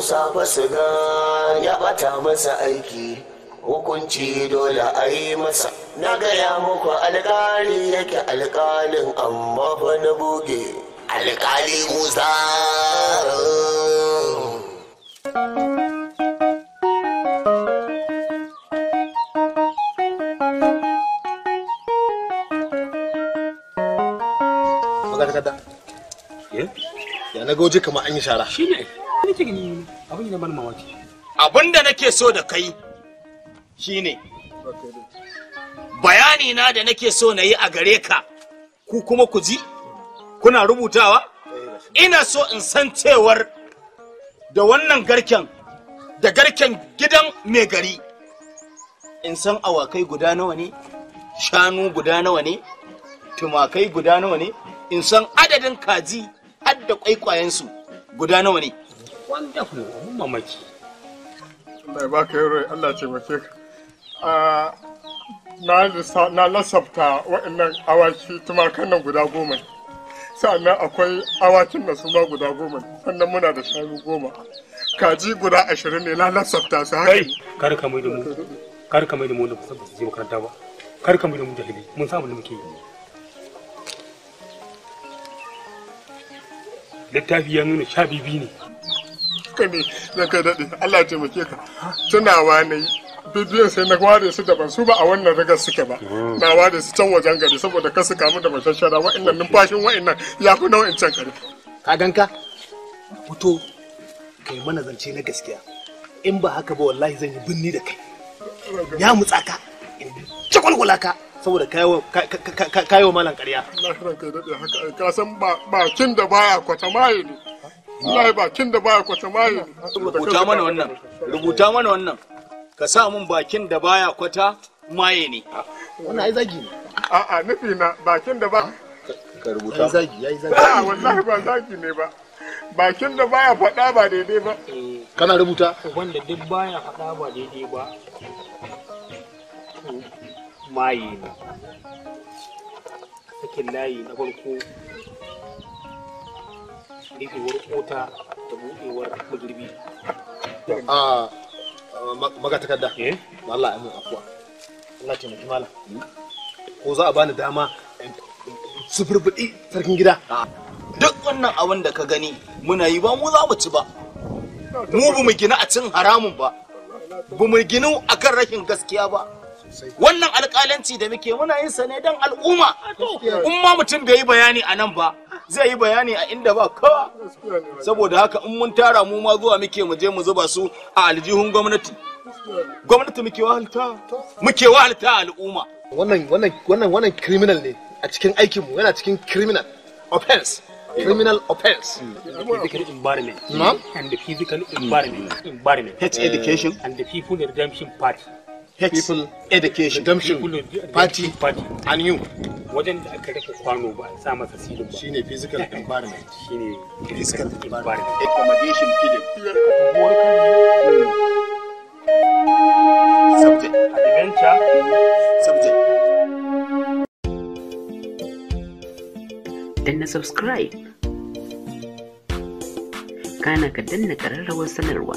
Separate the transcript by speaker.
Speaker 1: Musa ba su ga ya bata masa aiki hukunci dole a yi masa na gaya muku alkali yake alkalin amma fa na buge alkali Musa eh? Ya na gauje an yi shara. Shi ne. nake da nake so da kai shine bayani na da nake so na yi a gare ka ku kuma ku ji kuna rubutawa ina so in san cewar da wannan garken da garken gidan mai gari in san awakai guda nawa ne shanu guda nawa ne tumakai guda nawa ne in san adadin kaji har da kwaikwayensu guda nawa ne wonderful abun mamaki Allah ya baka
Speaker 2: yaro Allah ce mace ah, na lasafta waɗannan awaki tumakan nan guda goma sa'annan akwai awakin da su ma guda goma sannan muna da shanu goma kaji guda ashirin ne na lasafta su haka
Speaker 1: kar ka mai da mu kar ka mai da mu da kusa je makaranta ba kar ka mai da mu jahili mun samu da muke yi littafi
Speaker 2: ya nuna sha bibi ne haka ne na kai daɗe Allah taimake ka tunawa ne bidiyon sai na ware su da ban su ba a wannan daga suke ba na ware su can wajen gari saboda ka su kamu da mashashara wa'annan numfashin wa'annan ya fi nau'in can gari ka ganka
Speaker 1: fito kai mana zance na gaskiya in ba haka ba wallahi zan yi binni da kai ya mutsa ka in ka saboda kayo malan karya.
Speaker 2: Na kai daɗe haka, ka san bakin da baya kwata maye ne. wallahi bakin da baya kwata maye rubuta mana wannan
Speaker 1: rubuta mana wannan ka sa mun bakin da baya kwata maye ne
Speaker 2: wannan ai zagi ne a'a nufi na bakin da ba
Speaker 1: ka rubuta ai zagi
Speaker 2: ai zagi a'a wallahi ba zagi ne ba bakin da baya fada ba daidai ba
Speaker 1: kana rubuta wanda duk baya fada ba daidai ba maye ne sakin layi na farko rikewar kota da buɗewar magirbi a magatakarda eh? Allah afuwa Allah hmm? ko za a bani dama
Speaker 2: sarkin gida
Speaker 1: duk wannan abin da ka gani muna yi ba mu za mu ci ba mu ba mu gina a cin haramun ba ba mu ginu a kan rashin gaskiya ba wannan alƙalanci da muke muna yin sa ne don al'umma in ma mutum bai yi bayani a nan ba zai yi bayani a inda ba kowa saboda haka in mun tara mu ma zuwa muke mu je mu zuba su a aljihun gwamnati gwamnati muke wahalta muke wahalta al'umma
Speaker 2: wannan wannan wannan wannan criminal
Speaker 1: ne a cikin aikin mu yana cikin criminal offense criminal offense physical hmm. environment and the physical environment environment hmm. education and the people redemption party H people education redemption party, party and you wajen da aka rufe kwano ba sa masa silin ba shine physical environment shine physical environment
Speaker 2: accommodation period hmm. subject adventure subject danna subscribe kana ka danna kararrawar sanarwa